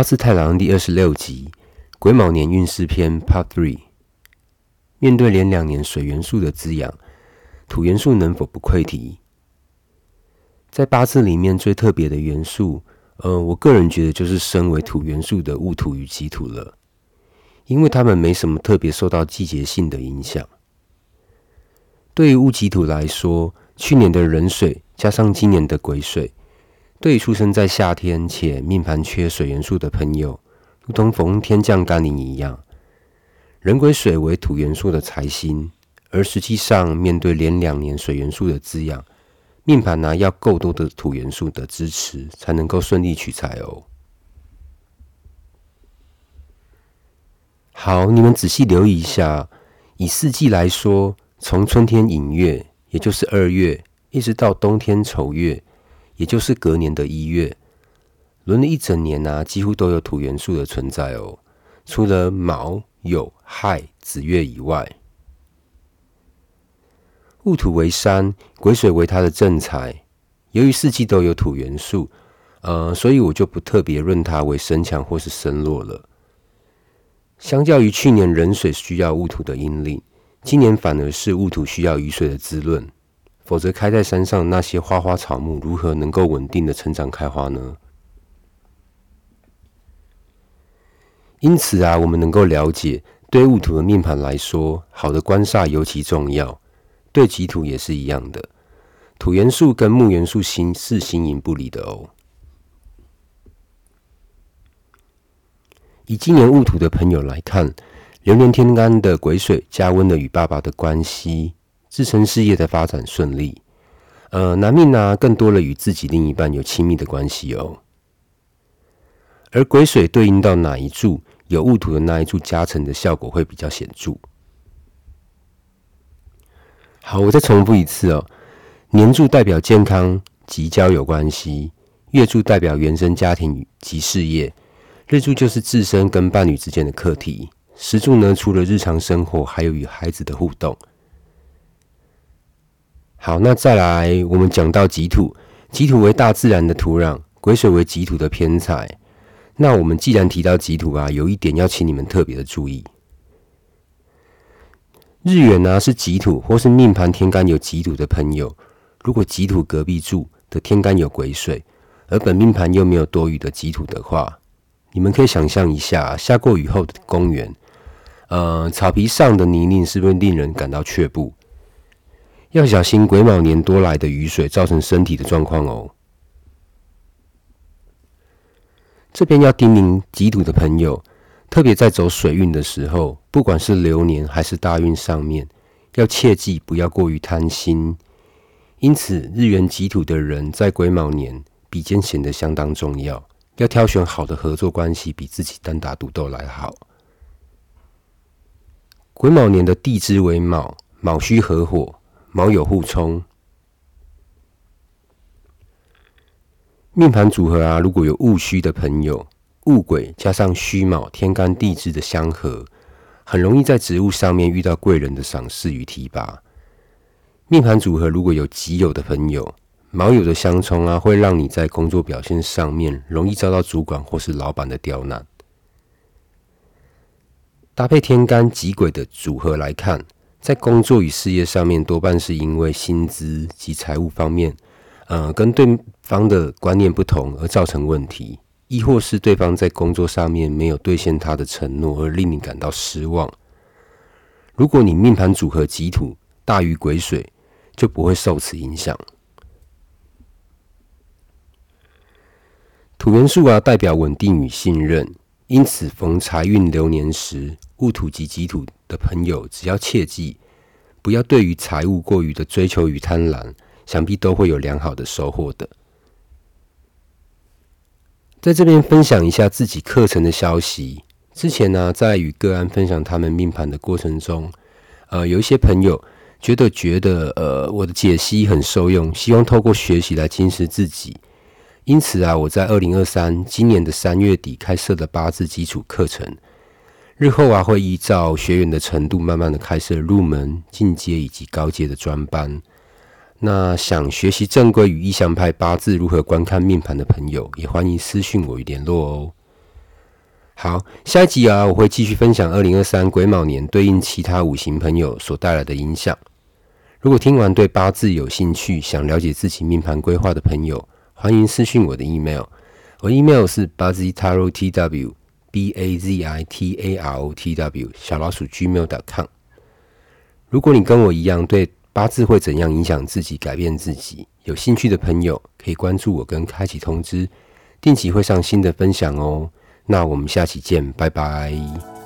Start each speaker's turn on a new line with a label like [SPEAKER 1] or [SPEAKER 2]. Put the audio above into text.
[SPEAKER 1] 八字太郎第二十六集《癸卯年運勢篇》Part Three。面對連兩年水元素的滋養，土元素能否不潰堤？在八字裡面最特別的元素，呃，我個人覺得就是身為土元素的戊土與己土了，因為它們沒什麼特別受到季節性的影響。對於戊己土來說，去年的壬水加上今年的癸水。對於出生在夏天且命盤缺水元素的朋友，如同逢天降甘霖一樣，壬癸水為土元素的財星，而實際上面對連兩年水元素的滋養，命盤呢、啊、要夠多的土元素的支持，才能夠順利取財哦。好，你們仔細留意一下，以四季來說，從春天寅月，也就是二月，一直到冬天丑月。也就是隔年的一月，輪了一整年吶、啊，幾乎都有土元素的存在哦。除了卯、酉、亥、子月以外，戊土為山，癸水為它的正財。由於四季都有土元素，呃，所以我就不特別論它為身強或是身弱了。相較於去年壬水需要戊土的引力，今年反而是戊土需要雨水的滋潤。否則，開在山上那些花花草木如何能夠穩定的成長開花呢？因此啊，我們能夠了解，對戊土的命盤來說，好的官煞尤其重要；對己土也是一樣的。土元素跟木元素，形是形影不離的哦。以今年戊土的朋友來看，流年天干的癸水，加溫了與爸爸的關係。自身事業的發展順利，呃，男命呢、啊、更多了與自己另一半有親密的關係哦。而癸水對應到哪一柱有戊土的那一柱加成的效果會比較顯著。好，我再重複一次哦，年柱代表健康及交友關係，月柱代表原生家庭及事業，日柱就是自身跟伴侶之間的課題，時柱呢，除了日常生活，還有與孩子的互動。好，那再來，我們講到己土，己土為大自然的土壤，癸水為己土的偏財。那我們既然提到己土啊，有一點要請你們特別的注意：日元啊是己土，或是命盤天干有己土的朋友，如果己土隔壁住的天干有癸水，而本命盤又沒有多餘的己土的話，你們可以想象一下，下過雨後的公園，呃，草皮上的泥濘，是不是令人感到卻步？要小心癸卯年多來的雨水造成身體的狀況哦。這邊要叮嚀己土的朋友，特別在走水運的時候，不管是流年還是大運上面，要切記不要過於貪心。因此，日元己土的人在癸卯年比肩顯得相當重要，要挑選好的合作關係，比自己單打獨鬥來好。癸卯年的地支為卯，卯戌合火。卯酉互沖，命盤組合啊，如果有戊戌的朋友，戊癸加上戌卯，天干地支的相合，很容易在職務上面遇到貴人的賞識與提拔。命盤組合如果有己酉的朋友，卯酉的相沖啊，會讓你在工作表現上面容易遭到主管或是老闆的刁難。搭配天干己癸的組合來看。在工作與事業上面，多半是因為薪資及財務方面，呃，跟對方的觀念不同而造成問題，亦或是對方在工作上面沒有兌現他的承諾而令你感到失望。如果你命盤組合己土大於癸水，就不會受此影響。土元素啊，代表穩定與信任，因此逢財運流年時，戊土及己土。的朋友，只要切記不要對於財務過於的追求與貪婪，想必都會有良好的收穫的。在這邊分享一下自己課程的消息。之前呢、啊，在與個案分享他們命盤的過程中，呃，有一些朋友覺得覺得呃我的解析很受用，希望透過學習來精實自己。因此啊，我在二零二三今年的三月底開設了八字基礎課程。日後啊，會依照學員的程度，慢慢的開設入門、進階以及高階的專班。那想學習正規與意象派八字如何觀看命盤的朋友，也歡迎私訊我與聯絡哦。好，下一集啊，我會繼續分享二零二三癸卯年對應其他五行朋友所帶來的影響。如果聽完對八字有興趣，想了解自己命盤規劃的朋友，歡迎私訊我的 email，我 email 是八字塔羅 tw。B-A-Z-I-T-A-R-O-T-W 小老鼠 Gmail dot com。如果你跟我一樣對八字會怎樣影響自己、改變自己，有興趣的朋友，可以關注我跟開啟通知，定期會上新的分享哦。那我們下期見，拜拜。